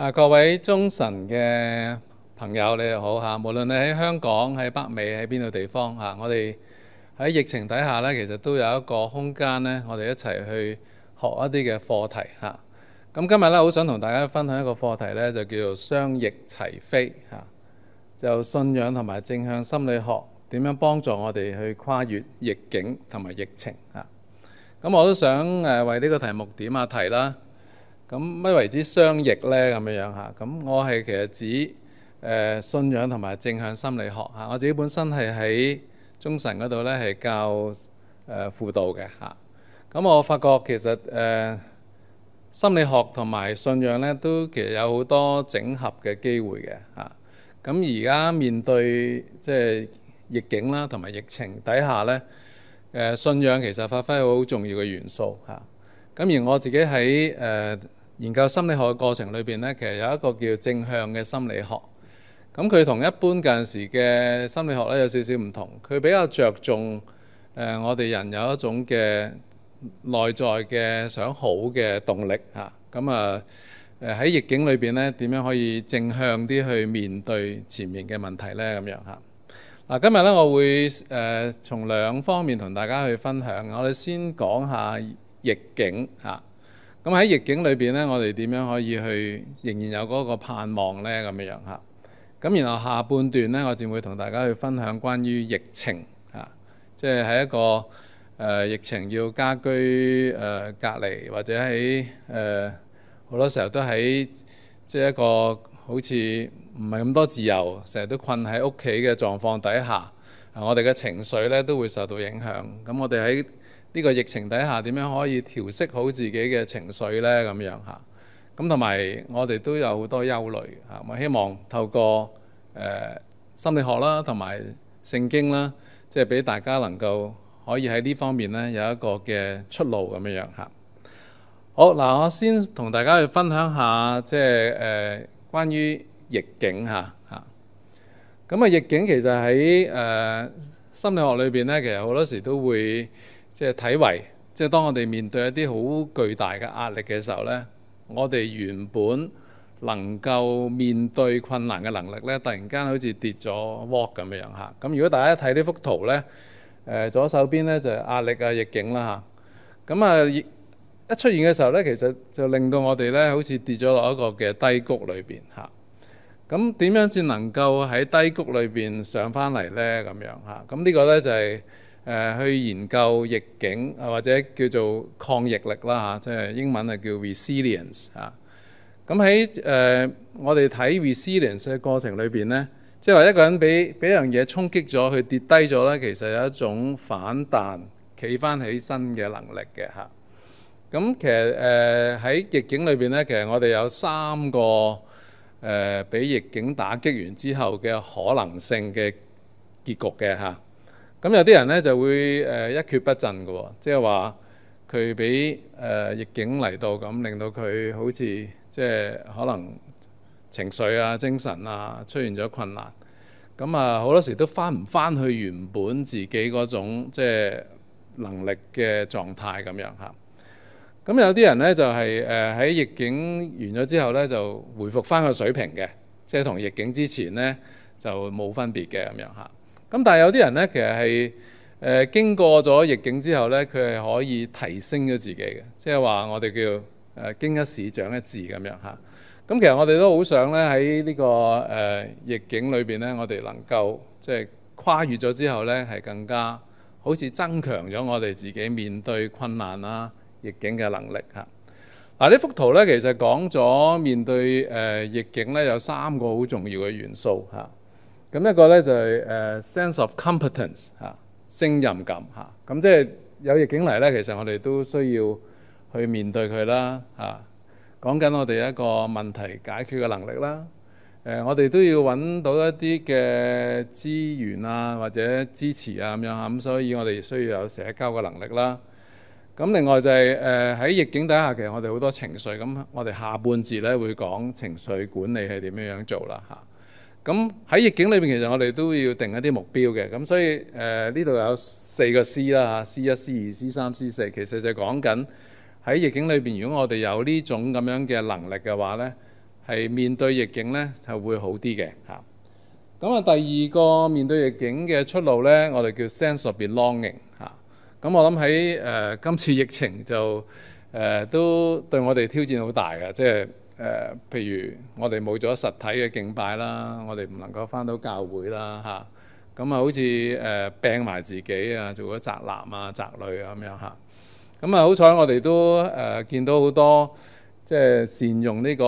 啊，各位中神嘅朋友，你哋好嚇！無論你喺香港、喺北美、喺邊度地方嚇，我哋喺疫情底下呢，其實都有一個空間呢，我哋一齊去學一啲嘅課題。吓，咁今日呢，好想同大家分享一個課題呢，就叫做雙翼齊飛。吓，就信仰同埋正向心理學，點樣幫助我哋去跨越逆境同埋疫情吓，咁我都想誒為呢個題目點下題啦。咁乜為之雙翼咧？咁樣樣嚇，咁我係其實指誒、呃、信仰同埋正向心理學嚇。我自己本身係喺中神嗰度咧，係教誒輔導嘅嚇。咁、啊、我發覺其實誒、呃、心理學同埋信仰咧，都其實有好多整合嘅機會嘅嚇。咁而家面對即係逆境啦，同、就、埋、是、疫情底下咧，誒、呃、信仰其實發揮好重要嘅元素嚇。咁、啊、而我自己喺誒、呃研究心理學嘅過程裏邊呢，其實有一個叫正向嘅心理學，咁佢同一般近時嘅心理學呢，有少少唔同，佢比較着重誒、呃、我哋人有一種嘅內在嘅想好嘅動力嚇，咁啊喺、啊、逆境裏邊呢，點樣可以正向啲去面對前面嘅問題呢？咁樣嚇。嗱、啊、今日呢，我會誒從兩方面同大家去分享，我哋先講下逆境嚇。啊咁喺逆境裏邊咧，我哋點樣可以去仍然有嗰個盼望呢？咁樣樣嚇。咁然後下半段咧，我會同大家去分享關於疫情，即係喺一個誒、呃、疫情要家居誒、呃、隔離，或者喺誒、呃、好多時候都喺即係一個好似唔係咁多自由，成日都困喺屋企嘅狀況底下，啊、我哋嘅情緒咧都會受到影響。咁我哋喺呢個疫情底下點樣可以調適好自己嘅情緒呢？咁樣嚇，咁同埋我哋都有好多憂慮嚇。咁希望透過誒、呃、心理學啦，同埋聖經啦，即係俾大家能夠可以喺呢方面呢有一個嘅出路咁樣樣嚇。好嗱，我先同大家去分享一下即係誒、呃、關於逆境嚇嚇咁啊！逆境其實喺誒、呃、心理學裏邊呢，其實好多時都會。即係體位，即係當我哋面對一啲好巨大嘅壓力嘅時候呢，我哋原本能夠面對困難嘅能力呢，突然間好似跌咗窩咁嘅樣嚇。咁如果大家睇呢幅圖呢，呃、左手邊呢就係壓力啊，逆境啦嚇。咁啊一出現嘅時候呢，其實就令到我哋呢好似跌咗落一個嘅低谷裏邊嚇。咁點樣先能夠喺低谷裏邊上翻嚟呢？咁樣嚇？咁呢個咧就係、是。誒去研究逆境啊，或者叫做抗逆力啦嚇，呃，即係英文係叫 resilience 嚇。咁喺誒我哋睇 resilience 嘅過程裏邊咧，即係話一個人俾俾樣嘢衝擊咗，佢跌低咗咧，其實有一種反彈企翻起身嘅能力嘅嚇。咁其實誒喺逆境裏邊咧，其實我哋有三個誒俾逆境打擊完之後嘅可能性嘅結局嘅嚇。咁有啲人咧就會誒一蹶不振嘅喎、哦，即係話佢俾誒逆境嚟到，咁令到佢好似即係可能情緒啊、精神啊出現咗困難，咁啊好多時都翻唔翻去原本自己嗰種即係、就是、能力嘅狀態咁樣嚇。咁有啲人咧就係誒喺逆境完咗之後咧就回復翻個水平嘅，即係同逆境之前咧就冇分別嘅咁樣嚇。咁但係有啲人咧，其實係誒經過咗逆境之後咧，佢係可以提升咗自己嘅，即係話我哋叫誒經一事長一智咁樣嚇。咁其實我哋都好想咧喺呢個誒逆境裏邊咧，我哋能夠即係跨越咗之後咧，係更加好似增強咗我哋自己面對困難啦、逆境嘅能力嚇。嗱呢幅圖咧，其實講咗面對誒逆境咧，有三個好重要嘅元素嚇。咁一個咧就係誒 sense of competence 嚇，勝任感嚇。咁即係有逆境嚟咧，其實我哋都需要去面對佢啦嚇。講緊我哋一個問題解決嘅能力啦。誒，我哋都要揾到一啲嘅資源啊，或者支持啊咁樣嚇。咁所以我哋需要有社交嘅能力啦。咁另外就係誒喺逆境底下，其實我哋好多情緒。咁我哋下半節咧會講情緒管理係點樣樣做啦嚇。咁喺逆境裏邊，裏面其實我哋都要定一啲目標嘅。咁所以誒，呢、呃、度有四個 C 啦嚇，C 一、C 二、C 三、C 四，其實就講緊喺逆境裏邊，如果我哋有呢種咁樣嘅能力嘅話咧，係面對逆境咧就會好啲嘅嚇。咁啊，第二個面對逆境嘅出路咧，我哋叫 sense of belonging 嚇。咁我諗喺誒今次疫情就誒、呃、都對我哋挑戰好大嘅，即係。誒、呃，譬如我哋冇咗實體嘅敬拜啦，我哋唔能夠翻到教會啦，嚇，咁啊，好似誒、呃、病埋自己啊，做咗宅男啊、宅女啊咁樣嚇，咁啊，好彩我哋都誒、呃、見到好多即係、就是、善用呢個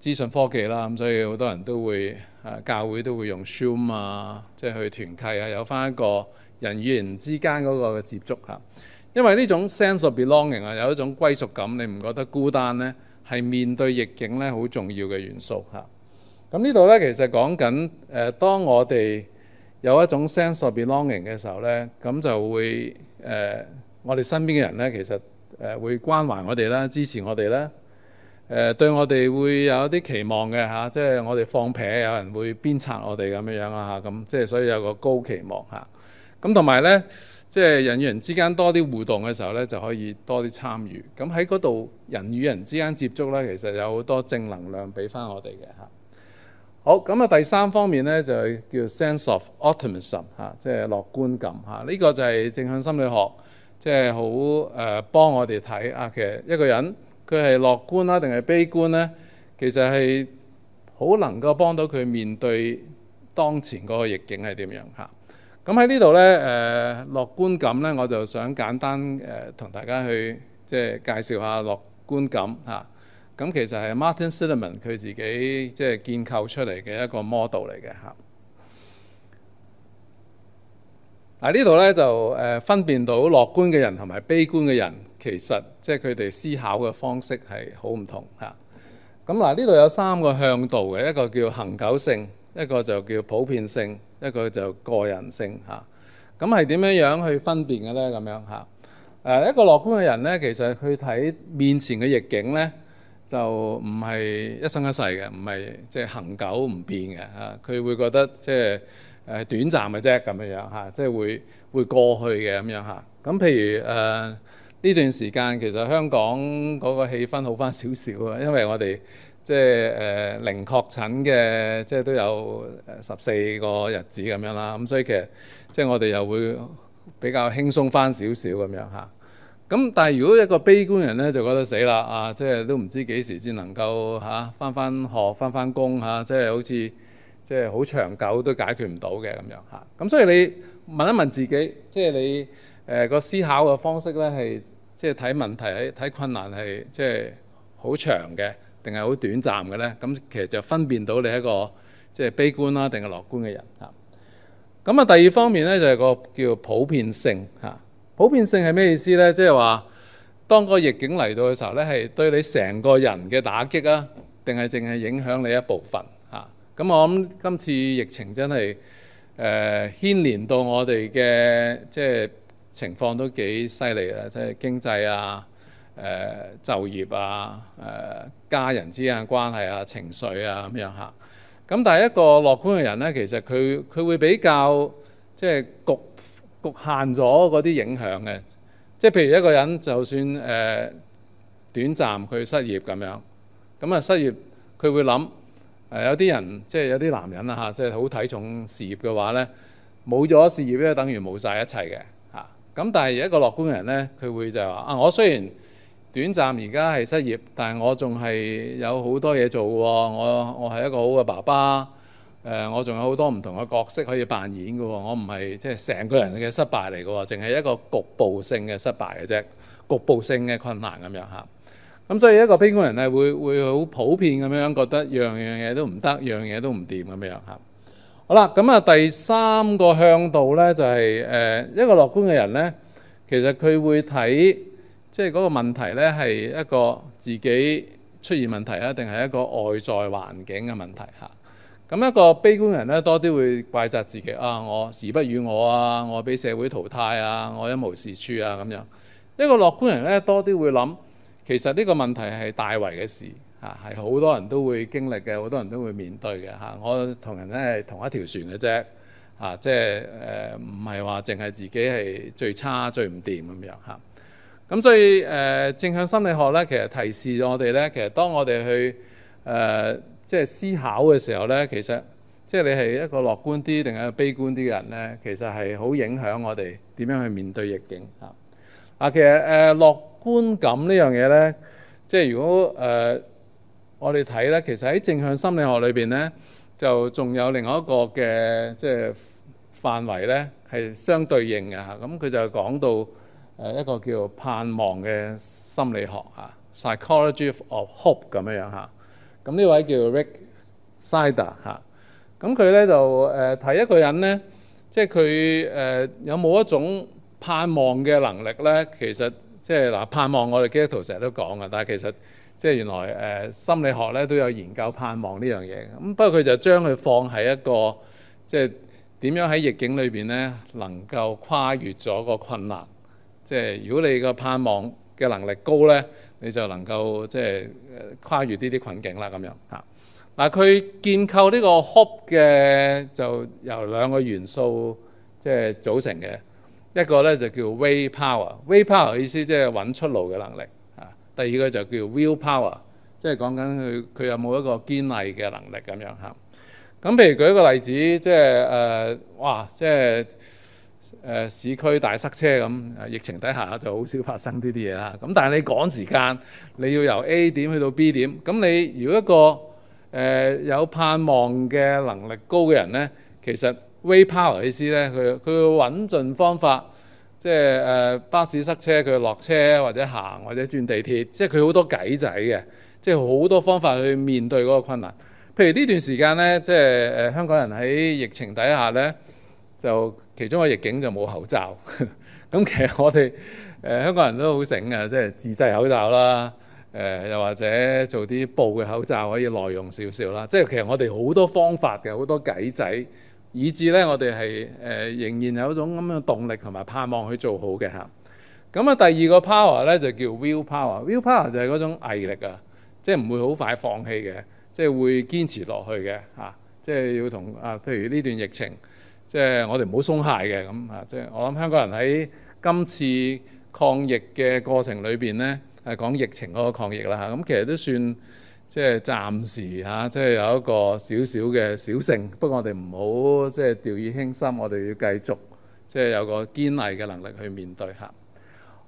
資訊科技啦，咁所以好多人都會誒、啊、教會都會用 Zoom 啊，即、就、係、是、去團契啊，有翻一個人與人之間嗰個嘅接觸嚇、啊，因為呢種 sense of belonging 啊，有一種歸屬感，你唔覺得孤單呢？係面對逆境咧，好重要嘅元素嚇。咁呢度咧，其實講緊誒，當我哋有一種 sense of belonging 嘅時候咧，咁就會誒、呃，我哋身邊嘅人咧，其實誒、呃、會關懷我哋啦，支持我哋啦，誒、呃、對我哋會有一啲期望嘅嚇、啊，即係我哋放屁，有人會鞭策我哋咁樣樣啊嚇，咁即係所以有個高期望嚇。咁同埋咧。即係人與人之間多啲互動嘅時候咧，就可以多啲參與。咁喺嗰度人與人之間接觸咧，其實有好多正能量俾翻我哋嘅嚇。好，咁啊，第三方面咧就係叫 sense of optimism 嚇，即係樂觀感嚇。呢個就係正向心理學，即係好誒幫我哋睇啊。其實一個人佢係樂觀啦，定係悲觀咧，其實係好能夠幫到佢面對當前嗰個逆境係點樣嚇。咁喺呢度咧，誒樂觀感咧，我就想簡單誒同、呃、大家去即係介紹下樂觀感嚇。咁、啊、其實係 Martin Seligman 佢自己即係建構出嚟嘅一個 model 嚟嘅嚇。嗱、啊啊、呢度咧就誒分辨到樂觀嘅人同埋悲觀嘅人，其實即係佢哋思考嘅方式係好唔同嚇。咁嗱呢度有三個向度嘅，一個叫恒久性。一個就叫普遍性，一個就個人性嚇。咁係點樣樣去分辨嘅咧？咁樣嚇。誒、啊、一個樂觀嘅人咧，其實佢睇面前嘅逆境咧，就唔係一生一世嘅，唔係即係恒久唔變嘅嚇。佢、啊、會覺得即係誒短暫嘅啫，咁樣樣嚇，即、啊、係、就是、會會過去嘅咁樣嚇。咁、啊、譬如誒呢、呃、段時間，其實香港嗰個氣氛好返少少啊，因為我哋。即係誒零確診嘅，即係都有誒十四個日子咁樣啦。咁所以其實即係我哋又會比較輕鬆返少少咁樣嚇。咁但係如果一個悲觀人咧，就覺得死啦啊！即係都唔知幾時先能夠嚇返返學、返返工嚇。即係好似即係好長久都解決唔到嘅咁樣嚇。咁所以你問一問自己，即係你誒個思考嘅方式咧，係即係睇問題、睇困難係即係好長嘅，定係好短暫嘅呢？咁其實就分辨到你係一個即係、就是、悲觀啦，定係樂觀嘅人嚇。咁啊，第二方面呢，就係、是、個叫普遍性嚇。普遍性係咩意思呢？即係話當個逆境嚟到嘅時候呢，係對你成個人嘅打擊啊，定係淨係影響你一部分嚇。咁我諗今次疫情真係誒牽連到我哋嘅即係情況都幾犀利啊，即係經濟啊、誒就業啊、誒、呃。家人之間嘅關係啊、情緒啊咁樣嚇，咁但係一個樂觀嘅人呢，其實佢佢會比較即係侷侷限咗嗰啲影響嘅，即係譬如一個人就算誒短暫佢失業咁樣，咁啊失業佢會諗誒有啲人即係有啲男人啊，嚇，即係好睇重事業嘅話呢，冇咗事業咧，等於冇晒一切嘅嚇，咁但係一個樂觀嘅人呢，佢會就話啊我雖然短暫而家係失業，但係我仲係有好多嘢做喎。我我係一個好嘅爸爸，誒、呃、我仲有好多唔同嘅角色可以扮演嘅喎。我唔係即係成個人嘅失敗嚟嘅喎，淨係一個局部性嘅失敗嘅啫，局部性嘅困難咁樣嚇。咁所以一個悲觀人咧，會會好普遍咁樣覺得樣樣嘢都唔得，樣嘢都唔掂咁樣嚇。好啦，咁啊第三個向度咧就係、是、誒、呃、一個樂觀嘅人咧，其實佢會睇。即係嗰個問題呢，係一個自己出現問題啦，定係一個外在環境嘅問題嚇。咁一個悲觀人呢，多啲會怪責自己啊，我時不與我啊，我俾社會淘汰啊，我一無是處啊咁樣。一個樂觀人呢，多啲會諗，其實呢個問題係大圍嘅事嚇，係好多人都會經歷嘅，好多人都會面對嘅嚇。我同人呢係同一條船嘅啫嚇，即係誒唔係話淨係自己係最差最唔掂咁樣嚇。啊。咁所以誒、呃、正向心理學咧，其實提示咗我哋咧，其實當我哋去誒、呃、即係思考嘅時候咧，其實即係你係一個樂觀啲定係悲觀啲嘅人咧，其實係好影響我哋點樣去面對逆境啊！啊，其實誒、呃、樂觀感這件事呢樣嘢咧，即係如果誒、呃、我哋睇咧，其實喺正向心理學裏邊咧，就仲有另外一個嘅即係範圍咧，係相對應嘅嚇。咁、啊、佢就講到。誒一個叫盼望嘅心理學嚇，psychology of hope 咁樣樣嚇。咁呢位叫 Rick Snyder 嚇，咁佢咧就誒睇一個人咧，即係佢誒有冇一種盼望嘅能力咧。其實即係嗱，就是、盼望我哋基督徒成日都講嘅，但係其實即係原來誒心理學咧都有研究盼望呢樣嘢。咁不過佢就將佢放喺一個即係點樣喺逆境裏邊咧，就是、在疫情裏面能夠跨越咗個困難。即係如果你個盼望嘅能力高咧，你就能夠即係跨越呢啲困境啦咁樣嚇。嗱、啊、佢建構呢個 hope 嘅就由兩個元素即係組成嘅，一個咧就叫 way power，way power 意思即係揾出路嘅能力嚇、啊。第二個就叫 will power，即係講緊佢佢有冇一個堅毅嘅能力咁樣嚇。咁譬如舉一個例子，即係誒、呃，哇，即係。誒市區大塞車咁，疫情底下就好少發生呢啲嘢啦。咁但係你趕時間，你要由 A 點去到 B 點，咁你如果一個誒、呃、有盼望嘅能力高嘅人呢，其實 waypower 意思呢，佢佢會揾盡方法，即係、呃、巴士塞車佢落車或者行或者轉地鐵，即係佢好多計仔嘅，即係好多方法去面對嗰個困難。譬如呢段時間呢，即係誒、呃、香港人喺疫情底下呢。就。其中嘅逆境就冇口罩，咁其實我哋誒、呃、香港人都好醒啊，即係自製口罩啦，誒、呃、又或者做啲布嘅口罩可以耐用少少啦。即係其實我哋好多方法嘅，好多計仔，以致咧我哋係誒仍然有一種咁嘅動力同埋盼望去做好嘅嚇。咁啊，第二個 power 咧就叫 will power，will power 就係嗰種毅力啊，即係唔會好快放棄嘅，即、就、係、是、會堅持落去嘅嚇。即、啊、係、就是、要同啊，譬如呢段疫情。即係我哋唔好鬆懈嘅咁啊！即係我諗香港人喺今次抗疫嘅過程裏邊咧，係講疫情嗰個抗疫啦嚇。咁其實都算即係、即係、暫時嚇，即、即、係、係、有一個少少嘅小勝。不過我哋唔好即係掉以輕心，我哋要繼續即係、即係、有個堅毅嘅能力去面對嚇。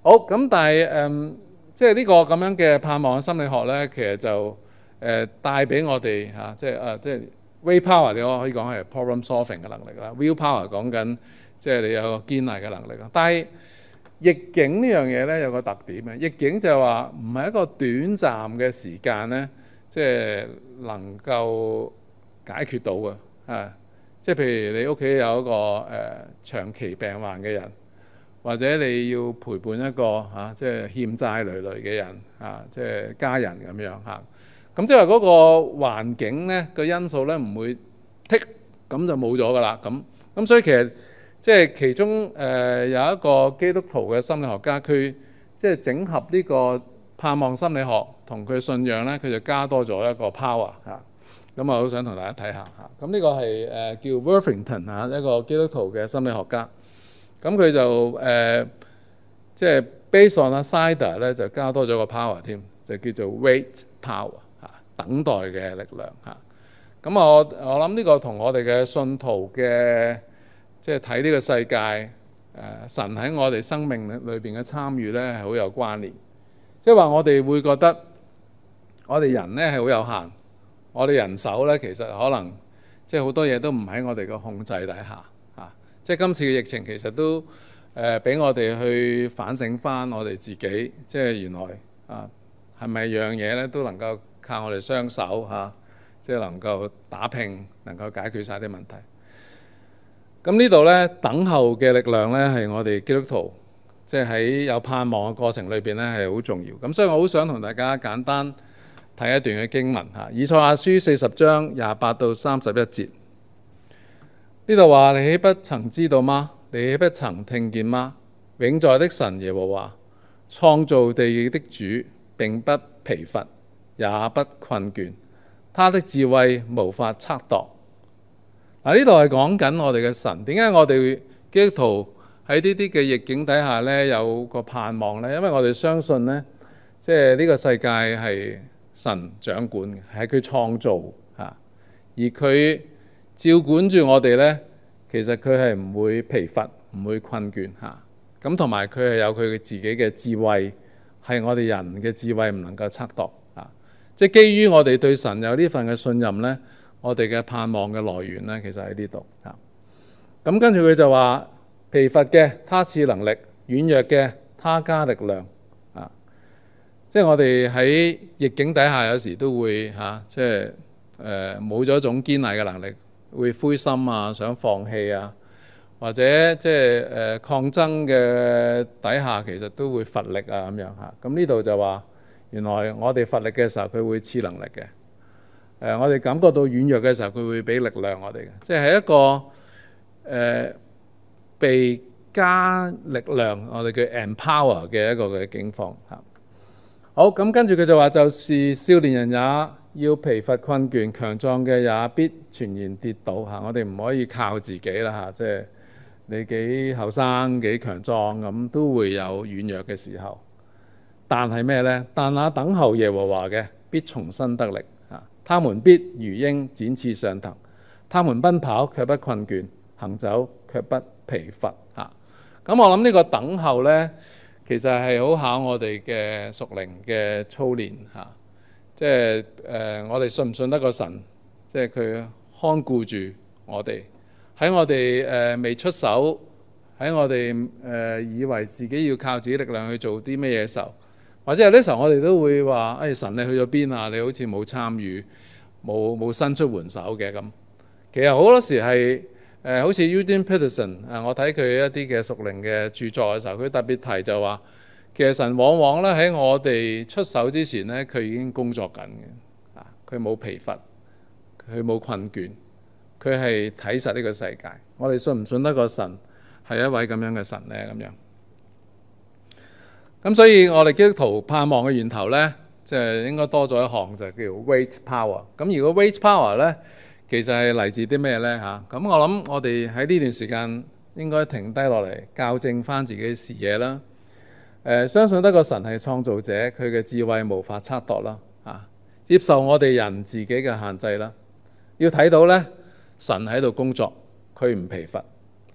好咁，但係誒，即係呢個咁樣嘅盼望嘅心理學咧，其實就誒帶俾我哋嚇，即係誒即係。啊即係 Way power 你可以講係 problem solving 嘅能力啦，Will power 講緊即係你有堅毅嘅能力啦。但係逆境呢樣嘢咧有個特點啊，逆境就係話唔係一個短暫嘅時間咧，即係能夠解決到嘅啊，即係譬如你屋企有一個誒長期病患嘅人，或者你要陪伴一個嚇即係欠債累累嘅人啊，即係家人咁樣嚇。啊咁即係話嗰個環境咧、那個因素咧唔會剔咁就冇咗㗎啦。咁咁所以其實即係、就是、其中誒、呃、有一個基督徒嘅心理學家，佢即係整合呢個盼望心理學同佢信仰咧，佢就加多咗一個 power 嚇。咁啊，我好想同大家睇下嚇。咁、啊、呢個係誒、呃、叫 Worthington 嚇、啊、一個基督徒嘅心理學家。咁佢就誒即係 based on a Sider 咧，就加多咗個 power 添，就叫做 Weight Power。等待嘅力量吓，咁我我諗呢個同我哋嘅信徒嘅即係睇呢個世界，誒神喺我哋生命裏邊嘅參與咧係好有關聯，即係話，我哋會覺得我哋人咧係好有限，我哋人手咧其實可能即係好多嘢都唔喺我哋個控制底下啊，即係今次嘅疫情其實都誒俾我哋去反省翻我哋自己，即係原來啊係咪樣嘢咧都能夠。靠我哋雙手嚇，即係，啊，就是，能夠打拼，能夠解決晒啲問題。咁呢度咧，等候嘅力量呢係我哋基督徒即係喺有盼望嘅過程裏邊呢係好重要。咁所以我好想同大家簡單睇一段嘅經文嚇，啊《以賽亞書》四十章廿八到三十一節。呢度話：你豈不曾知道嗎？你豈不曾聽見嗎？永在的神耶和華，創造地的主並不疲乏。也不困倦，他的智慧無法測度。嗱，呢度係講緊我哋嘅神。點解我哋基督徒喺呢啲嘅逆境底下咧有個盼望咧？因為我哋相信咧，即係呢個世界係神掌管嘅，係佢創造嚇，而佢照管住我哋咧，其實佢係唔會疲乏，唔會困倦嚇。咁同埋佢係有佢嘅自己嘅智慧，係我哋人嘅智慧唔能夠測度。即係基於我哋對神有呢份嘅信任呢，我哋嘅盼望嘅來源呢，其實喺呢度嚇。咁跟住佢就話：疲乏嘅他賜能力，軟弱嘅他加力量啊！即係我哋喺逆境底下有時都會嚇、啊，即係誒冇咗一種堅毅嘅能力，會灰心啊，想放棄啊，或者即係誒、呃、抗爭嘅底下，其實都會乏力啊咁樣嚇。咁呢度就話。原來我哋乏力嘅時候，佢會賜能力嘅。誒、呃，我哋感覺到軟弱嘅時候，佢會俾力量我哋嘅。即係一個誒、呃，被加力量，我哋叫 empower 嘅一個嘅境況嚇。好，咁跟住佢就話，就是少年人也要疲乏困倦，強壯嘅也必全然跌倒嚇、啊。我哋唔可以靠自己啦嚇、啊，即係你幾後生幾強壯，咁都會有軟弱嘅時候。但係咩呢？但那等候耶和華嘅，必重新得力啊！他們必如鷹展翅上騰，他們奔跑卻不困倦，行走卻不疲乏啊！咁我諗呢個等候呢，其實係好考我哋嘅屬靈嘅操練嚇，即、啊、係、就係呃、我哋信唔信得個神，即係佢看顧住我哋喺我哋誒、呃、未出手，喺我哋誒、呃、以為自己要靠自己的力量去做啲咩嘢時候。或者係呢時候，我哋都會話，誒、哎、神你去咗邊啊？你好似冇參與，冇冇伸出援手嘅咁。其實好多時係誒、呃，好似、e、Eugene Peterson 啊，我睇佢一啲嘅屬靈嘅著作嘅時候，佢特別提就話，其實神往往咧喺我哋出手之前咧，佢已經工作緊嘅，啊，佢冇疲乏，佢冇困倦，佢係睇實呢個世界。我哋信唔信得過神係一位咁樣嘅神咧？咁樣。咁所以，我哋基督徒盼望嘅源頭呢，即係應該多咗一項，就係叫做 waypower。咁如果 waypower 呢，其實係嚟自啲咩呢？吓，咁我諗我哋喺呢段時間應該停低落嚟校正翻自己嘅視野啦。誒、呃，相信得個神係創造者，佢嘅智慧無法測度啦。啊，接受我哋人自己嘅限制啦、啊。要睇到呢，神喺度工作，佢唔疲乏。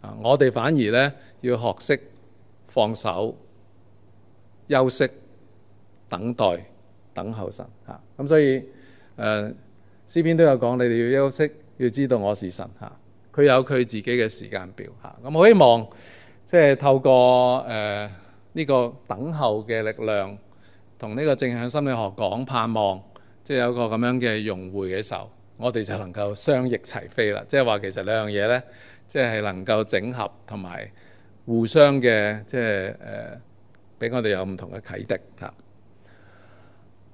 啊，我哋反而呢要學識放手。休息、等待、等候神嚇，咁所以誒詩、呃、篇都有講，你哋要休息，要知道我是神嚇，佢、啊、有佢自己嘅時間表嚇。咁、啊、我希望即係、就是、透過誒呢、呃這個等候嘅力量，同呢個正向心理學講盼望，即、就、係、是、有個咁樣嘅融會嘅時候，我哋就能夠雙翼齊飛啦。即係話其實兩樣嘢咧，即、就、係、是、能夠整合同埋互相嘅即係誒。就是呃俾我哋有唔同嘅啟迪嚇。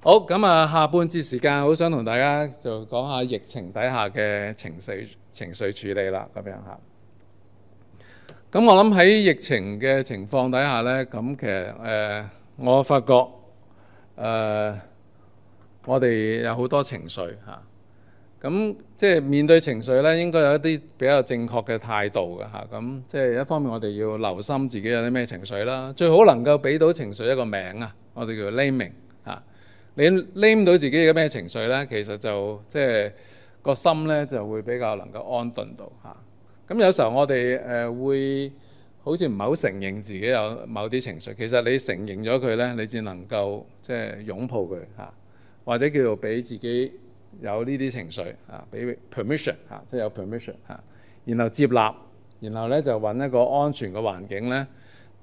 好，咁啊，下半節時間，好想同大家就講下疫情底下嘅情緒情緒處理啦。咁樣嚇。咁我諗喺疫情嘅情況底下呢，咁其實、呃、我發覺、呃、我哋有好多情緒嚇。啊咁即係面對情緒咧，應該有一啲比較正確嘅態度嘅嚇。咁、啊、即係一方面，我哋要留心自己有啲咩情緒啦。最好能夠俾到情緒一個名啊，我哋叫做 Naming 嚇、啊。你 Naming 到自己嘅咩情緒咧，其實就即係個心咧就會比較能夠安頓到嚇。咁、啊、有時候我哋誒、呃、會好似唔係好承認自己有某啲情緒，其實你承認咗佢咧，你至能夠即係擁抱佢嚇、啊，或者叫做俾自己。有呢啲情緒啊，俾 permission 啊，即係有 permission 啊，然後接納，然後咧就揾一個安全嘅環境咧，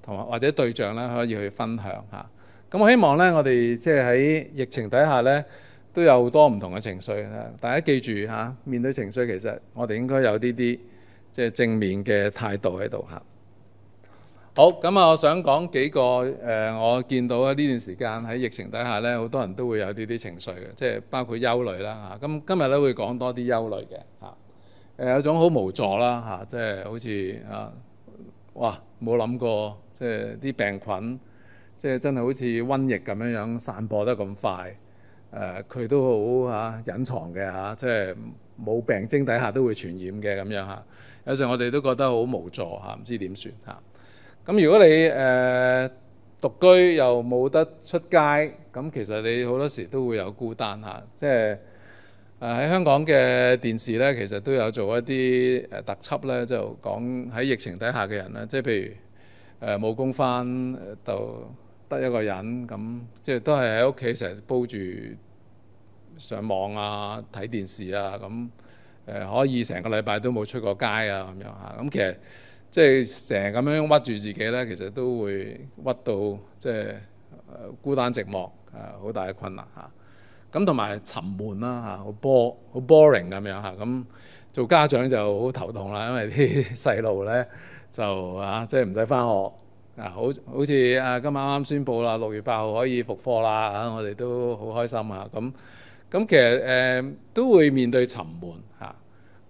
同埋或者對象咧可以去分享嚇。咁我希望咧，我哋即係喺疫情底下咧，都有好多唔同嘅情緒咧。大家記住嚇，面對情緒其實我哋應該有呢啲即係正面嘅態度喺度嚇。好咁啊！我想講幾個誒、呃，我見到喺呢段時間喺疫情底下咧，好多人都會有呢啲情緒嘅，即係包括憂慮啦嚇。咁、啊、今日咧會講多啲憂慮嘅嚇。誒、啊、有種好無助啦嚇，即、啊、係、就是、好似啊哇冇諗過，即係啲病菌即係、就是、真係好似瘟疫咁樣樣散播得咁快。誒、啊、佢都好嚇隱藏嘅嚇，即係冇病徵底下都會傳染嘅咁樣嚇。有時我哋都覺得好無助嚇，唔、啊、知點算嚇。啊。咁如果你誒、呃、獨居又冇得出街，咁其實你好多時都會有孤單嚇，即係誒喺香港嘅電視咧，其實都有做一啲誒特輯咧，就講喺疫情底下嘅人咧，即、就、係、是、譬如誒冇工返，呃、就得一個人咁，即係、就是、都係喺屋企成日煲住上網啊、睇電視啊，咁誒、呃、可以成個禮拜都冇出過街啊咁樣嚇，咁其實。即係成日咁樣屈住自己咧，其實都會屈到即係、就是、孤單寂寞很大的困難啊，好大嘅困難嚇。咁同埋沉悶啦嚇，好波好 boring 咁樣嚇。咁、啊、做家長就好頭痛啦，因為啲細路咧就啊，即係唔使返學啊，好好似啊今日啱啱宣布啦，六月八號可以復課啦嚇，我哋都好開心嚇。咁、啊、咁、啊、其實誒、啊、都會面對沉悶嚇。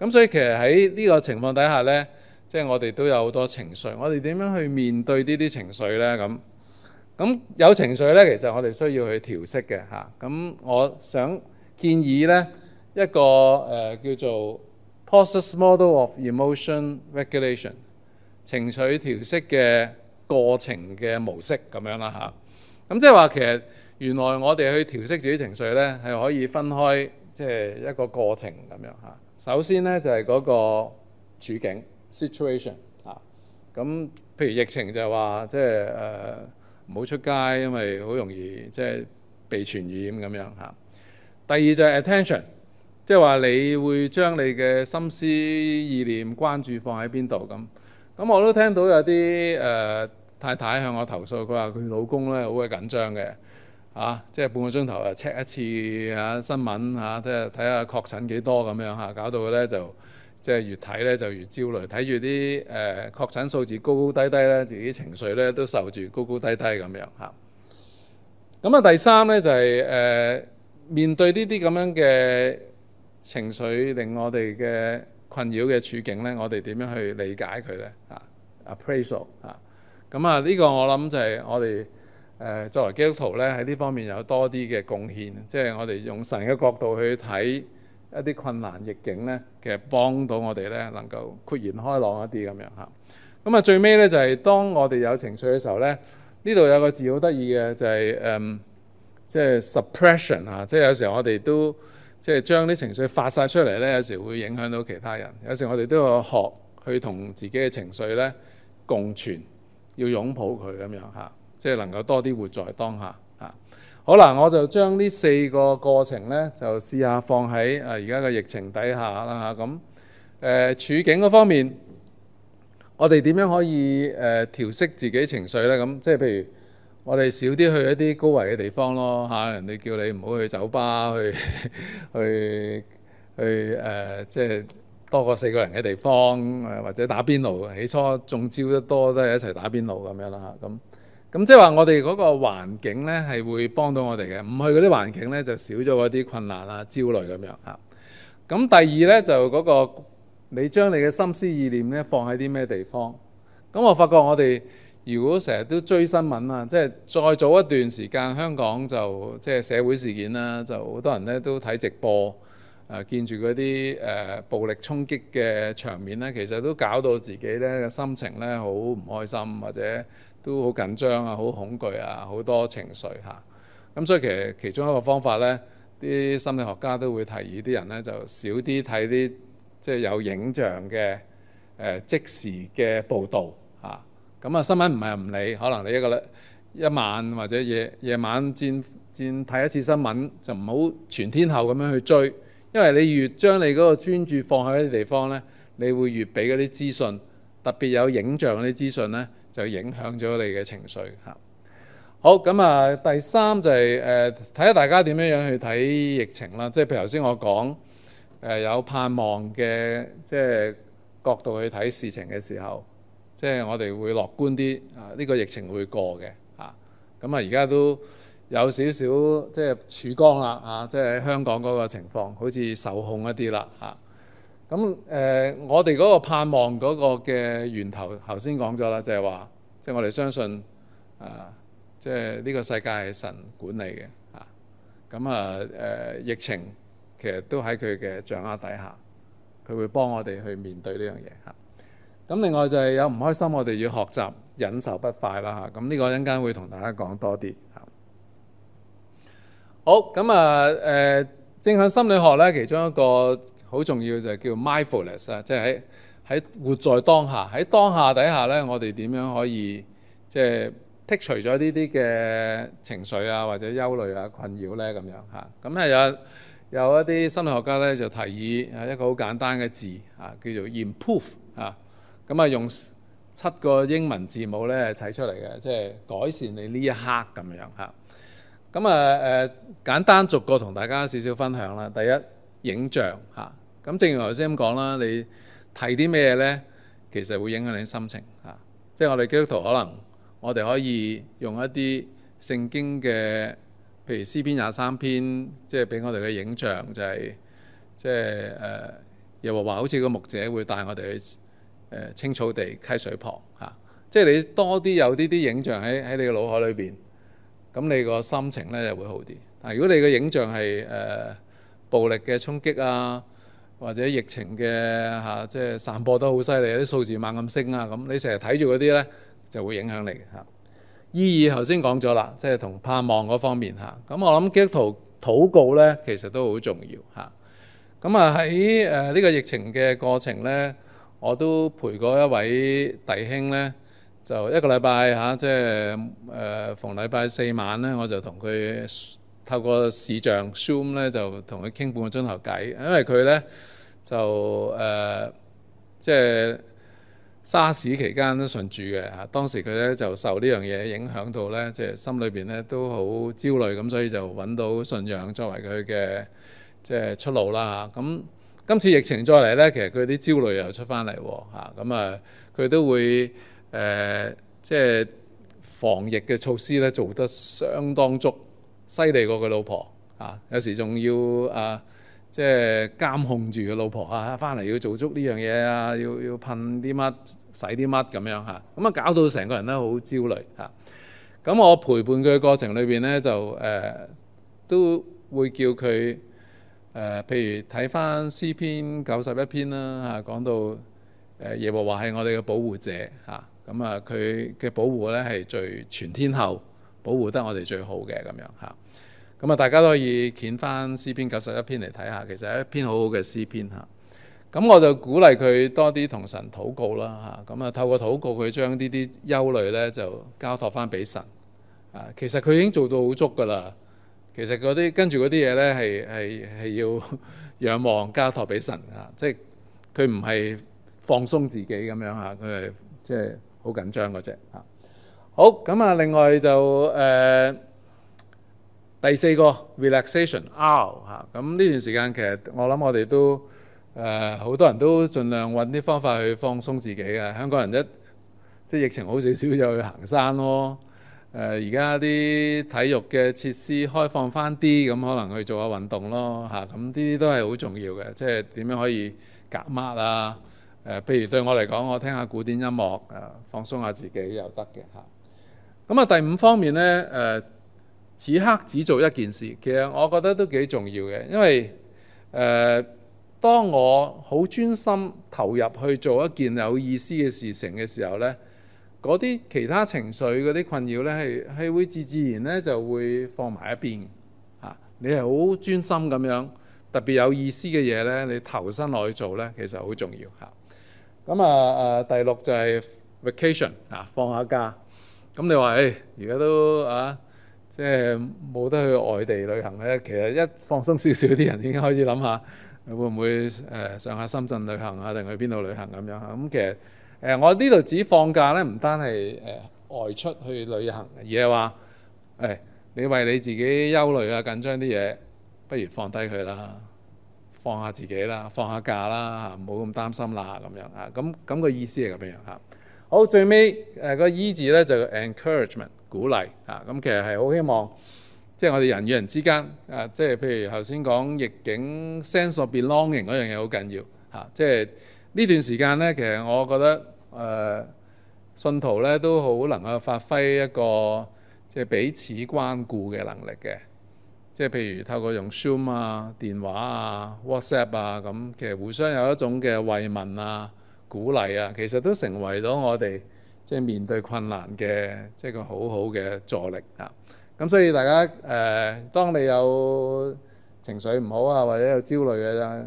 咁、啊、所以其實喺呢個情況底下咧。即係我哋都有好多情緒，我哋點樣去面對呢啲情緒呢？咁咁有情緒呢，其實我哋需要去調適嘅嚇。咁我想建議呢一個誒、呃、叫做 Process Model of Emotion Regulation 情緒調適嘅過程嘅模式咁樣啦嚇。咁即係話其實原來我哋去調適自己情緒呢，係可以分開，即係一個過程咁樣嚇。首先呢，就係嗰個處境。situation 嚇、啊，咁譬如疫情就話即係誒唔好出街，因為好容易即係、就是、被傳染咁樣嚇。第二就係 attention，即係話你會將你嘅心思意念關注放喺邊度咁。咁我都聽到有啲誒、呃、太太向我投訴，佢話佢老公咧好鬼緊張嘅嚇，即、啊、係、就是、半個鐘頭啊 check 一次嚇新聞嚇，即係睇下確診幾多咁樣嚇，搞到佢咧就。即係越睇咧就越焦慮，睇住啲誒確診數字高高低低咧，自己情緒咧都受住高高低低咁樣吓。咁啊，啊第三咧就係誒面對呢啲咁樣嘅情緒令我哋嘅困擾嘅處境咧，我哋點樣去理解佢咧啊？Appraisal 啊，咁啊呢個我諗就係我哋誒作為基督徒咧喺呢方面有多啲嘅貢獻，即係我哋用神嘅角度去睇。一啲困難逆境咧，其實幫到我哋咧，能夠豁然開朗一啲咁樣嚇。咁啊，最尾咧就係當我哋有情緒嘅時候咧，呢度有個字好得意嘅，就係誒，即係 suppression 啊，即係有時候我哋都即係將啲情緒發晒出嚟咧，有時候會影響到其他人。有時我哋都要學去同自己嘅情緒咧共存，要擁抱佢咁樣嚇，即係能夠多啲活在當下。好啦，我就將呢四個過程呢，就試下放喺啊而家嘅疫情底下啦嚇。咁誒、呃、處境嗰方面，我哋點樣可以誒、呃、調適自己情緒呢？咁即係譬如我哋少啲去一啲高危嘅地方咯嚇。人哋叫你唔好去酒吧，去去去誒、呃，即係多過四個人嘅地方，或者打邊爐。起初中招得多都係一齊打邊爐咁樣啦咁咁即係話我哋嗰個環境呢係會幫到我哋嘅，唔去嗰啲環境呢，就少咗嗰啲困難啊、焦慮咁樣。咁第二呢，就嗰、那個你將你嘅心思意念呢放喺啲咩地方？咁我發覺我哋如果成日都追新聞啊，即、就、係、是、再早一段時間香港就即係、就是、社會事件啦，就好多人呢都睇直播，呃、見住嗰啲暴力衝擊嘅場面呢，其實都搞到自己呢個心情呢好唔開心或者。都好緊張啊，好恐懼啊，好多情緒嚇。咁所以其實其中一個方法呢，啲心理學家都會提議啲人呢，就少啲睇啲即係有影像嘅、呃、即時嘅報導嚇。咁啊、嗯、新聞唔係唔理，可能你一個呢一晚或者夜夜晚漸漸睇一次新聞，就唔好全天候咁樣去追，因為你越將你嗰個專注放喺嗰啲地方呢，你會越俾嗰啲資訊，特別有影像嗰啲資訊呢，就影響咗你嘅情緒嚇。好，咁啊，第三就係誒睇下大家點樣樣去睇疫情啦。即係譬如頭先我講誒、呃、有盼望嘅即係角度去睇事情嘅時候，即係我哋會樂觀啲啊。呢、這個疫情會過嘅嚇。咁啊，而家都有少少即係曙光啦啊！即係香港嗰個情況好似受控一啲啦嚇。啊。咁誒、呃，我哋嗰個盼望嗰個嘅源頭，頭先講咗啦，就係、是、話，即、就、係、是、我哋相信啊，即係呢個世界係神管理嘅嚇。咁啊誒、啊，疫情其實都喺佢嘅掌握底下，佢會幫我哋去面對呢樣嘢嚇。咁、啊、另外就係有唔開心，我哋要學習忍受不快啦嚇。咁呢個陣間會同大家講多啲嚇。好、啊，咁啊誒，正向心理學咧，其中一個好重要就係叫 mindfulness 啊，即係喺喺活在當下，喺當下底下咧，我哋點樣可以即係、就是、剔除咗呢啲嘅情緒啊，或者憂慮啊、困擾咧咁樣吓，咁係有有一啲心理學家咧就提議啊，一個好簡單嘅字啊，叫做 improve 啊，咁啊用七個英文字母咧砌出嚟嘅，即、就、係、是、改善你呢一刻咁樣吓，咁啊誒、啊、簡單逐個同大家少少分享啦。第一影像吓。啊咁正如我頭先咁講啦，你睇啲咩嘢咧，其實會影響你心情嚇、啊。即係我哋基督徒，可能我哋可以用一啲聖經嘅，譬如詩篇廿三篇，即係俾我哋嘅影像，就係即係誒耶和華好似個牧者會帶我哋去誒青草地溪水旁嚇、啊。即係你多啲有呢啲影像喺喺你嘅腦海裏邊，咁你個心情咧就會好啲。但、啊、係如果你嘅影像係誒、啊、暴力嘅衝擊啊～或者疫情嘅嚇，即、啊、係、就是、散播得好犀利，啲數字猛咁升啊！咁你成日睇住嗰啲呢，就會影響你意、啊、二，頭先講咗啦，即係同盼望嗰方面嚇。咁、啊、我諗基督徒禱告呢，其實都好重要嚇。咁啊喺誒呢個疫情嘅過程呢，我都陪過一位弟兄呢，就一個禮拜嚇，即、啊、係、就是呃、逢禮拜四晚呢，我就同佢透過視像 Zoom 呢，就同佢傾半個鐘頭偈，因為佢呢。就誒，即、呃、係、就是、沙士期間都信主嘅嚇。當時佢咧就受這呢樣嘢影響到咧，即、就、係、是、心裏邊咧都好焦慮咁，所以就揾到信仰作為佢嘅即係出路啦。咁今次疫情再嚟咧，其實佢啲焦慮又出翻嚟喎嚇。咁啊，佢、啊、都會誒即係防疫嘅措施咧做得相當足，犀利過佢老婆啊。有時仲要啊。即係監控住個老婆啊，翻嚟要做足呢樣嘢啊，要要噴啲乜、洗啲乜咁樣吓，咁啊搞到成個人咧好焦慮吓，咁我陪伴佢嘅過程裏邊咧，就、呃、誒都會叫佢誒、呃，譬如睇翻詩篇九十一篇啦吓，講到誒耶和華係我哋嘅保護者吓，咁啊，佢嘅保護咧係最全天候保護得我哋最好嘅咁樣吓。咁啊，大家都可以揀翻詩篇九十一篇嚟睇下，其實一篇好好嘅詩篇嚇。咁我就鼓勵佢多啲同神禱告啦嚇。咁啊,啊,啊，透過禱告佢將呢啲憂慮咧就交託翻俾神啊。其實佢已經做到好足噶啦。其實嗰啲跟住嗰啲嘢咧係係係要仰望交託俾神啊。即係佢唔係放鬆自己咁樣嚇，佢、啊、係即係好緊張嗰隻嚇。好咁啊，另外就誒。呃第四個 relaxation out 嚇，咁呢、啊、段時間其實我諗我哋都誒好、呃、多人都盡量揾啲方法去放鬆自己嘅，香港人一即疫情好少少就去行山咯，而家啲體育嘅設施開放翻啲，咁、嗯、可能去做下運動咯嚇，咁呢啲都係好重要嘅，即係點樣可以減壓啊？譬、呃、如對我嚟講，我聽下古典音樂啊、呃，放鬆下自己又得嘅嚇。咁啊，第五方面呢。誒、呃。此刻只做一件事，其實我覺得都幾重要嘅，因為誒、呃，當我好專心投入去做一件有意思嘅事情嘅時候呢，嗰啲其他情緒、嗰啲困擾呢，係係會自自然咧就會放埋一邊嚇、啊。你係好專心咁樣，特別有意思嘅嘢呢，你投身落去做呢，其實好重要嚇。咁啊誒、啊，第六就係 vacation 啊，放下假。咁你話誒，哎、而家都啊～即係冇得去外地旅行咧，其實一放鬆少少，啲人已經開始諗下會唔會誒上下深圳旅行啊，定去邊度旅行咁樣嚇。咁其實誒我呢度指放假咧，唔單係誒外出去旅行，而係話誒你為你自己憂慮啊、緊張啲嘢，不如放低佢啦，放下自己啦，放下假啦，唔好咁擔心啦咁樣啊。咁咁個意思係咁樣嚇。好，最尾誒個 E 字咧就 encouragement。鼓勵嚇，咁，啊，其實係好希望，即係我哋人與人之間，誒，啊，即係譬如頭先講逆境 sense of belonging 嗰樣嘢好緊要嚇，即係呢段時間呢，其實我覺得誒，呃，信徒咧都好能夠發揮一個即係彼此關顧嘅能力嘅，即係，啊，譬如透過用 Zoom 啊、電話啊、WhatsApp 啊咁，其實互相有一種嘅慰問啊、鼓勵啊，其實都成為咗我哋，即係面對困難嘅，即係個好好嘅助力啊！咁所以大家誒、呃，當你有情緒唔好啊，或者有焦慮嘅、啊、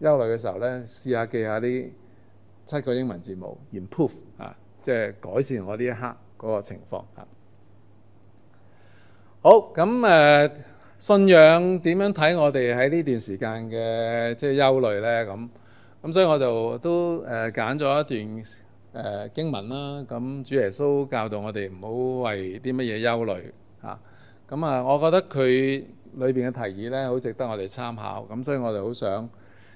憂慮嘅時候咧，試下記下呢七個英文字母，improve 啊，即、就、係、是、改善我呢一刻嗰個情況啊！好咁誒、呃，信仰點樣睇我哋喺呢段時間嘅即係憂慮咧？咁咁所以我就都誒揀咗一段。誒經文啦，咁主耶穌教導我哋唔好為啲乜嘢憂慮嚇。咁啊，我覺得佢裏邊嘅提議咧，好值得我哋參考。咁所以我就好想，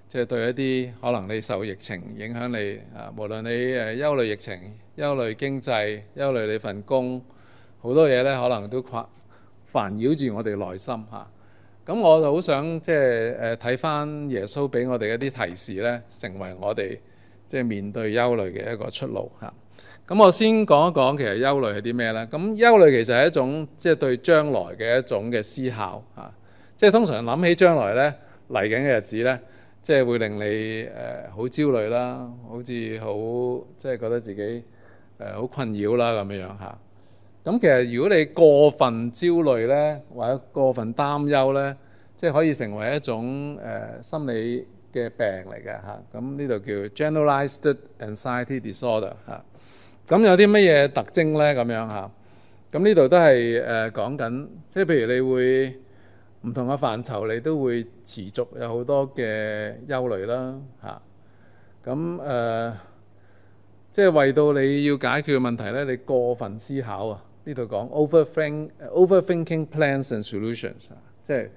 即係對一啲可能你受疫情影響，你啊，無論你誒憂慮疫情、憂慮經濟、憂慮你份工，好多嘢咧，可能都困煩擾住我哋內心嚇。咁我就好想即係誒睇翻耶穌俾我哋一啲提示咧，成為我哋。即係面對憂慮嘅一個出路嚇。咁我先講一講其實憂慮係啲咩呢？咁憂慮其實係一種即係對將來嘅一種嘅思考嚇。即係通常諗起將來呢，嚟緊嘅日子呢，即係會令你誒好焦慮啦，好似好即係覺得自己誒好困擾啦咁樣樣嚇。咁其實如果你過分焦慮呢，或者過分擔憂呢，即係可以成為一種誒心理嘅病嚟嘅嚇，咁、啊啊、呢度叫 generalized anxiety disorder 嚇。咁有啲乜嘢特徵咧？咁樣吓，咁呢度都係誒、呃、講緊，即係譬如你會唔同嘅範疇，你都會持續有好多嘅憂慮啦吓，咁、啊、誒，即係、呃就是、為到你要解決嘅問題咧，你過分思考啊？呢度講 overthink overthinking plans and solutions 即、啊、係。就是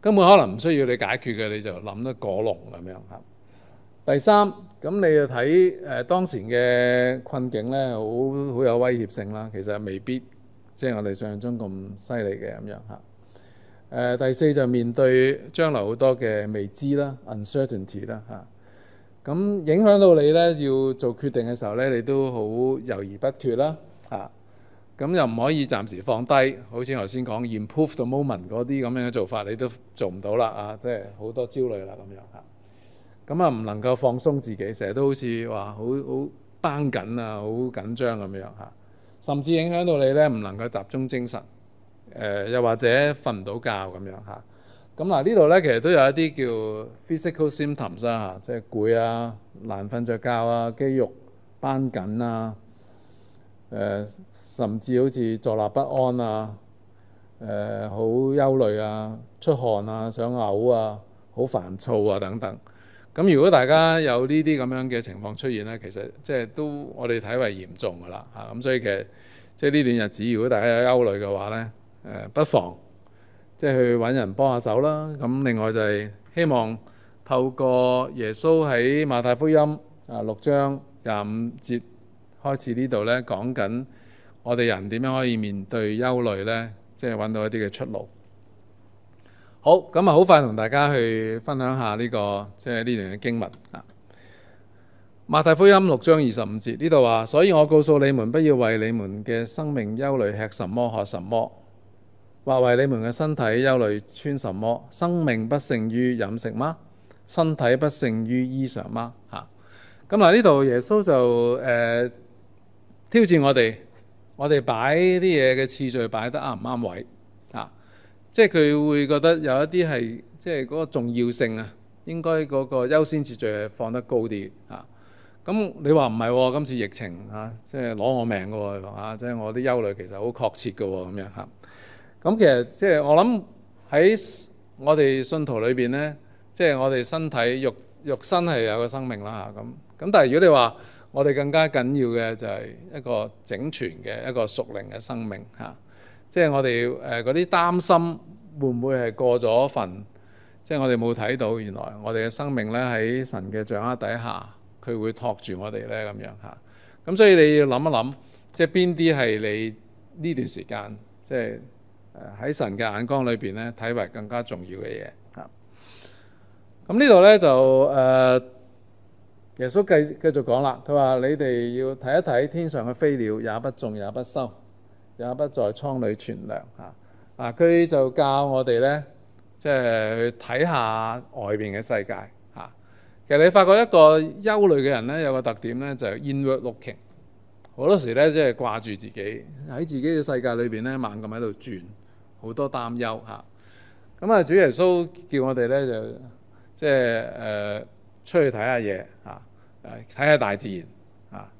根本可能唔需要你解決嘅，你就諗得過籠咁樣嚇。第三，咁你要睇誒當前嘅困境咧，好好有威脅性啦。其實未必即係、就是、我哋想像中咁犀利嘅咁樣嚇。誒、呃、第四，就面對將來好多嘅未知啦，uncertainty 啦嚇。咁、啊、影響到你咧，要做決定嘅時候咧，你都好猶疑不決啦嚇。啊咁又唔可以暫時放低，好似頭先講 improve the moment 嗰啲咁樣嘅做法，你都做唔到啦啊！即係好多焦慮啦咁樣嚇。咁啊，唔能夠放鬆自己，成日都好似話，好好繃緊啊，好緊張咁樣嚇。甚至影響到你咧，唔能夠集中精神，呃、又或者瞓唔到覺咁樣嚇。咁、啊、嗱，啊、呢度咧其實都有一啲叫 physical symptoms 啊，即係攰啊、難瞓着覺啊、肌肉繃緊啊。誒、呃、甚至好似坐立不安啊，誒、呃、好憂慮啊，出汗啊，想嘔啊，好煩躁啊等等。咁如果大家有呢啲咁樣嘅情況出現呢，其實即係都我哋睇為嚴重㗎喇吓。咁、啊、所以其實即係呢段日子，如果大家有憂慮嘅話呢，誒、啊、不妨即係去揾人幫下手啦。咁另外就係希望透過耶穌喺馬太福音啊六章廿五節，開始呢度呢，講緊我哋人點樣可以面對憂慮呢？即係揾到一啲嘅出路。好咁啊，好快同大家去分享下呢、呢個即係呢段嘅經文啊。馬太福音六章二十五節呢度話：所以我告訴你們，不要為你們嘅生命憂慮吃什麼、喝什麼，或為你們嘅身體憂慮穿什麼。生命不勝於飲食嗎？身體不勝於衣裳嗎？嚇、嗯！咁嗱，呢度耶穌就誒。呃挑戰我哋，我哋擺啲嘢嘅次序擺得啱唔啱位啊？即係佢會覺得有一啲係即係嗰個重要性啊，應該嗰個優先次序係放得高啲啊。咁你話唔係喎？今次疫情啊，即係攞我命嘅喎，即係我啲憂慮其實好確切嘅喎咁樣嚇。咁、啊、其實即係我諗喺我哋信徒裏邊咧，即、就、係、是、我哋身體肉肉身係有個生命啦嚇。咁、啊、咁但係如果你話，我哋更加緊要嘅就係一個整全嘅一個屬靈嘅生命嚇，即、啊、係、就是、我哋誒嗰啲擔心會唔會係過咗份，即、就、係、是、我哋冇睇到原來我哋嘅生命咧喺神嘅掌握底下，佢會托住我哋咧咁樣嚇。咁、啊、所以你要諗一諗，即係邊啲係你呢段時間即係喺神嘅眼光裏邊咧睇為更加重要嘅嘢啊。咁呢度咧就誒。呃耶穌繼繼續講啦，佢話：你哋要睇一睇天上嘅飛鳥，也不種也不收，也不在倉裏存糧。嚇啊！佢就教我哋咧，即係去睇下外面嘅世界。嚇，其實你發覺一個憂慮嘅人咧，有個特點咧，就係 inward looking。好多時咧，即係掛住自己喺自己嘅世界裏邊咧，猛咁喺度轉，好多擔憂嚇。咁啊，主耶穌叫我哋咧，就即係誒出去睇下嘢。誒睇下大自然看看啊，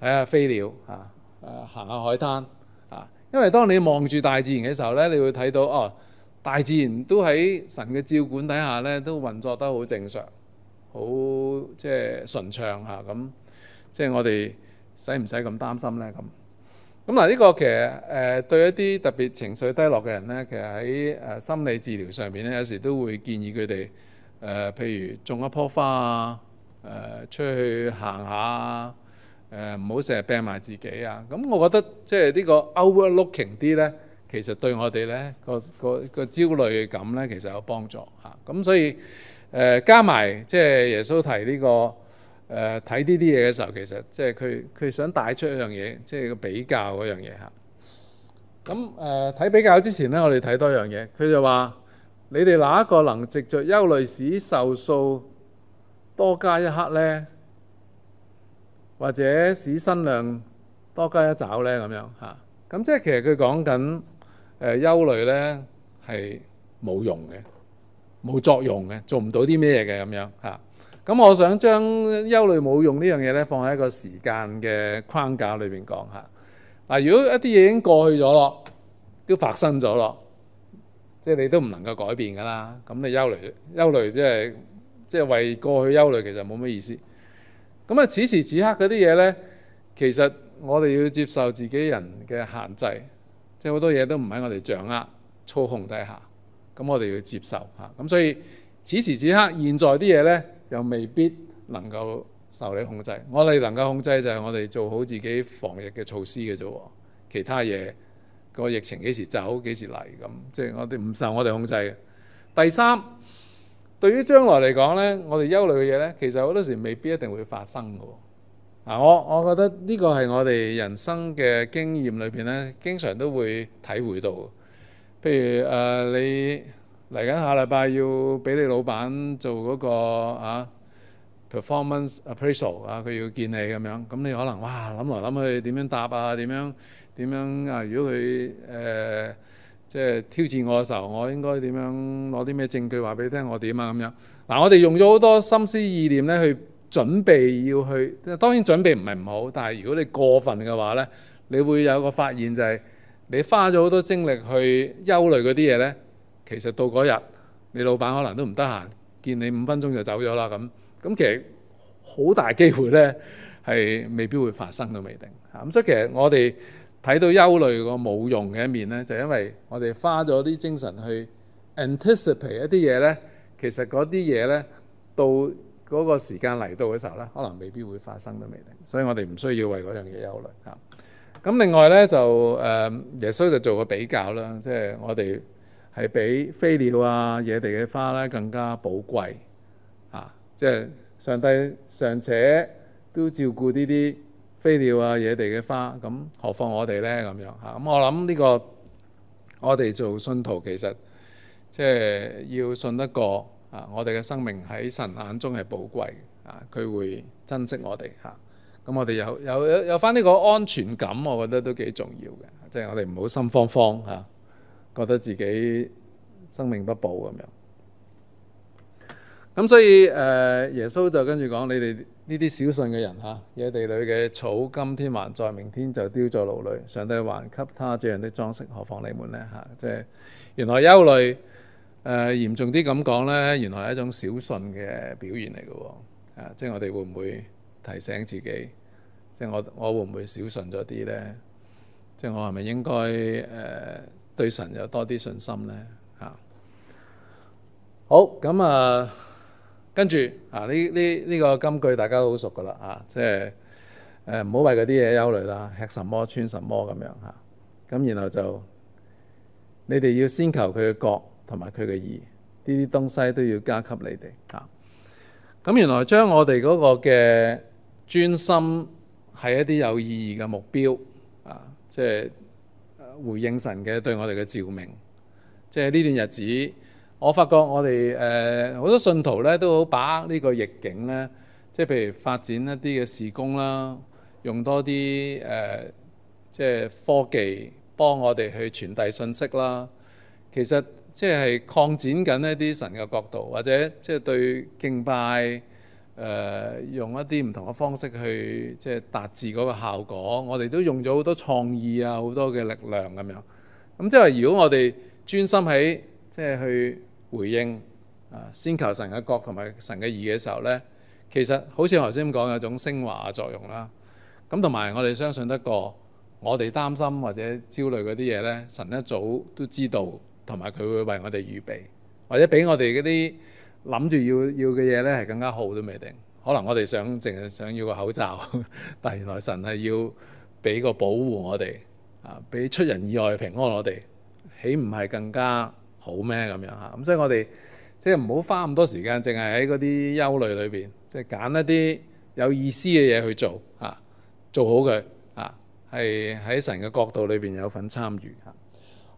睇下飛鳥啊，誒行下海灘啊。因為當你望住大自然嘅時候咧，你會睇到哦、啊，大自然都喺神嘅照管底下咧，都運作得好正常，好即係順暢嚇咁。即、啊、係、就是、我哋使唔使咁擔心咧？咁咁嗱，呢、啊呢個其實誒、呃、對一啲特別情緒低落嘅人咧，其實喺誒、呃、心理治療上面咧，有時都會建議佢哋誒，譬如種一樖花啊。誒出去行下，誒唔好成日病埋自己啊！咁我覺得即係呢個 overlooking 啲呢，其實對我哋呢個個個焦慮感呢，其實有幫助嚇。咁所以誒、呃、加埋即係耶穌提呢個誒睇呢啲嘢嘅時候，其實即係佢佢想帶出一樣嘢，即係個比較嗰樣嘢嚇。咁誒睇比較之前呢，我哋睇多樣嘢。佢就話：你哋哪一個能藉着憂慮使壽數多加一刻咧，或者使身量多加一爪咧，咁樣嚇。咁即係其實佢講緊誒憂慮咧係冇用嘅，冇作用嘅，做唔到啲咩嘢嘅咁樣嚇。咁我想將憂慮冇用呢樣嘢咧，放喺一個時間嘅框架裏邊講下嗱，如果一啲嘢已經過去咗咯，都發生咗咯，即係你都唔能夠改變㗎啦。咁你憂慮憂慮即係。即係為過去憂慮，其實冇乜意思。咁啊，此時此刻嗰啲嘢呢，其實我哋要接受自己人嘅限制，即係好多嘢都唔喺我哋掌握、操控底下。咁我哋要接受吓。咁所以此時此刻現在啲嘢呢，又未必能夠受你控制。我哋能夠控制就係我哋做好自己防疫嘅措施嘅啫。其他嘢個疫情幾時走、幾時嚟咁，即係我哋唔受我哋控制嘅。第三。對於將來嚟講呢，我哋憂慮嘅嘢呢，其實好多時未必一定會發生嘅。嗱，我我覺得呢個係我哋人生嘅經驗裏邊呢，經常都會體會到。譬如誒、呃，你嚟緊下禮拜要俾你老闆做嗰、那個啊 performance appraisal 啊，佢、啊、要見你咁樣，咁你可能哇，諗來諗去點樣答啊，點樣點樣啊？如果佢……誒、呃。即係挑戰我嘅時候，我應該點樣攞啲咩證據話俾你聽我點啊咁樣？嗱、啊，我哋用咗好多心思意念咧去準備要去，當然準備唔係唔好，但係如果你過分嘅話咧，你會有一個發現就係、是、你花咗好多精力去憂慮嗰啲嘢咧，其實到嗰日你老闆可能都唔得閒，見你五分鐘就走咗啦咁。咁其實好大機會咧係未必會發生到未定嚇。咁、啊、所以其實我哋。睇到憂慮個冇用嘅一面咧，就是、因為我哋花咗啲精神去 anticipate 一啲嘢咧，其實嗰啲嘢咧到嗰個時間嚟到嘅時候咧，可能未必會發生都未定，所以我哋唔需要為嗰樣嘢憂慮吓。咁另外咧就誒、嗯、耶穌就做個比較啦，即、就、係、是、我哋係比飛鳥啊、野地嘅花咧更加寶貴啊，即、就、係、是、上帝尚且都照顧呢啲，飛鳥啊，野地嘅花，咁何況我哋呢？咁樣嚇？咁我諗呢個我哋做信徒其實即係要信得過啊！我哋嘅生命喺神眼中係寶貴啊，佢會珍惜我哋嚇。咁我哋有有有翻呢個安全感，我覺得都幾重要嘅。即係我哋唔好心慌慌嚇，覺得自己生命不保咁樣。咁所以誒，耶穌就跟住講：你哋呢啲小信嘅人嚇，野地裏嘅草，今天還在，明天就丟在爐裏。上帝還給他這樣的裝飾，何況你們呢？嚇？即係原來憂慮誒嚴重啲咁講呢，原來係一種小信嘅表現嚟嘅喎。啊，即係我哋會唔會提醒自己？即係我我會唔會小信咗啲呢？即係我係咪應該誒對神有多啲信心呢？嚇！好咁啊～跟住啊，呢呢呢個金句大家都好熟㗎喇啊，即係誒唔好為嗰啲嘢憂慮啦，吃什麼穿什麼咁樣吓，咁、啊、然後就你哋要先求佢嘅國同埋佢嘅義，呢啲東西都要加給你哋吓。咁、啊啊、原來將我哋嗰個嘅專心係一啲有意義嘅目標啊，即係回應神嘅對我哋嘅照明，即係呢段日子。我發覺我哋誒好多信徒咧都好把握呢個逆境咧，即係譬如發展一啲嘅事工啦，用多啲誒、呃、即係科技幫我哋去傳遞信息啦。其實即係擴展緊一啲神嘅角度，或者即係對敬拜誒、呃、用一啲唔同嘅方式去即係達至嗰個效果。我哋都用咗好多創意啊，好多嘅力量咁樣。咁即係如果我哋專心喺即係去回應啊！先求神嘅國同埋神嘅義嘅時候咧，其實好似頭先咁講，有種升華嘅作用啦。咁同埋我哋相信得過我哋擔心或者焦慮嗰啲嘢咧，神一早都知道，同埋佢會為我哋預備，或者俾我哋嗰啲諗住要要嘅嘢咧，係更加好都未定。可能我哋想淨係想要個口罩，但原來神係要俾個保護我哋啊，俾出人意外平安我哋，豈唔係更加好咩咁樣嚇？咁所以我哋即係唔好花咁多時間，淨係喺嗰啲憂慮裏邊，即係揀一啲有意思嘅嘢去做嚇，做好佢嚇，係喺神嘅角度裏邊有份參與嚇。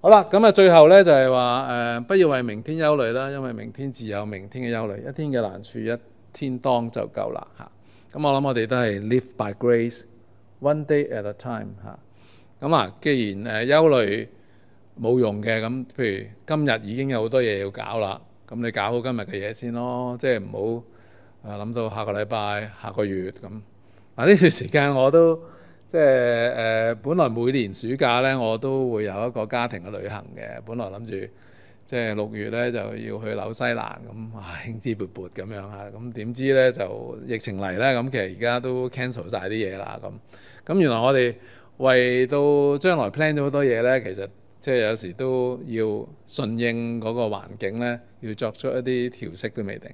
好啦，咁啊最後咧就係話誒，不要為明天憂慮啦，因為明天自有明天嘅憂慮，一天嘅難處一天當就夠啦嚇。咁我諗我哋都係 live by grace，one day at a time 嚇。咁啊，既然誒憂慮，冇用嘅咁，譬如今日已經有好多嘢要搞啦，咁你搞好今日嘅嘢先咯，即係唔好啊諗到下個禮拜、下個月咁。嗱呢段時間我都即係誒、呃，本來每年暑假咧我都會有一個家庭嘅旅行嘅，本來諗住即係六月咧就要去紐西蘭咁，啊、興致勃勃咁樣嚇，咁點知咧就疫情嚟咧，咁其實而家都 cancel 曬啲嘢啦咁。咁原來我哋為到將來 plan 咗好多嘢咧，其實～即係有時都要順應嗰個環境咧，要作出一啲調適都未定。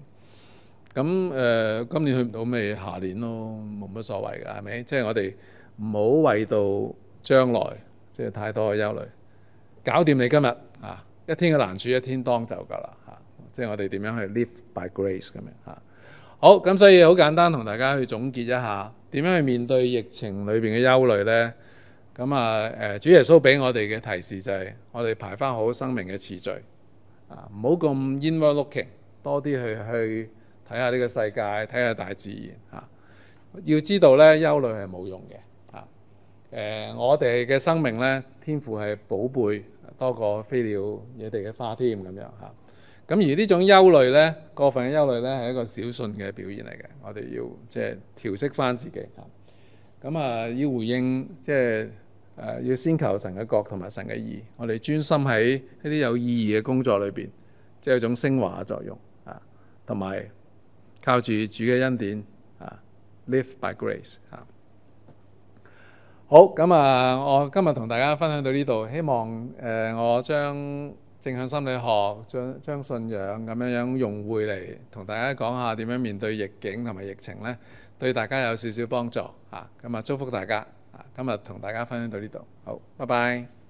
咁誒、呃，今年去唔到咪下年咯，冇乜所謂㗎，係咪？即係我哋唔好為到將來，即係太多嘅憂慮，搞掂你今日啊，一天嘅難處一天當就㗎啦嚇。即係我哋點樣去 live by grace 咁樣嚇。好，咁所以好簡單同大家去總結一下，點樣去面對疫情裏邊嘅憂慮咧？咁啊，誒主耶穌俾我哋嘅提示就係，我哋排翻好生命嘅次序啊，唔好咁 inward looking，多啲去去睇下呢個世界，睇下大自然嚇、啊。要知道咧，憂慮係冇用嘅嚇。誒、啊，我哋嘅生命咧，天父係寶貝多過飛鳥、野地嘅花添咁樣嚇。咁、啊啊、而呢種憂慮咧，過分嘅憂慮咧，係一個小信嘅表現嚟嘅。我哋要即係調適翻自己嚇。咁啊，啊，要回應即係。就是誒要先求神嘅國同埋神嘅義，我哋專心喺一啲有意義嘅工作裏邊，即係有種升華嘅作用啊，同埋靠住主嘅恩典啊，live by grace 啊。好，咁啊，我今日同大家分享到呢度，希望誒、呃、我將正向心理學將將信仰咁樣樣用會嚟，同大家講下點樣面對逆境同埋疫情咧，對大家有少少幫助啊。咁啊，祝福大家。今日同大家分享到呢度，好，拜拜。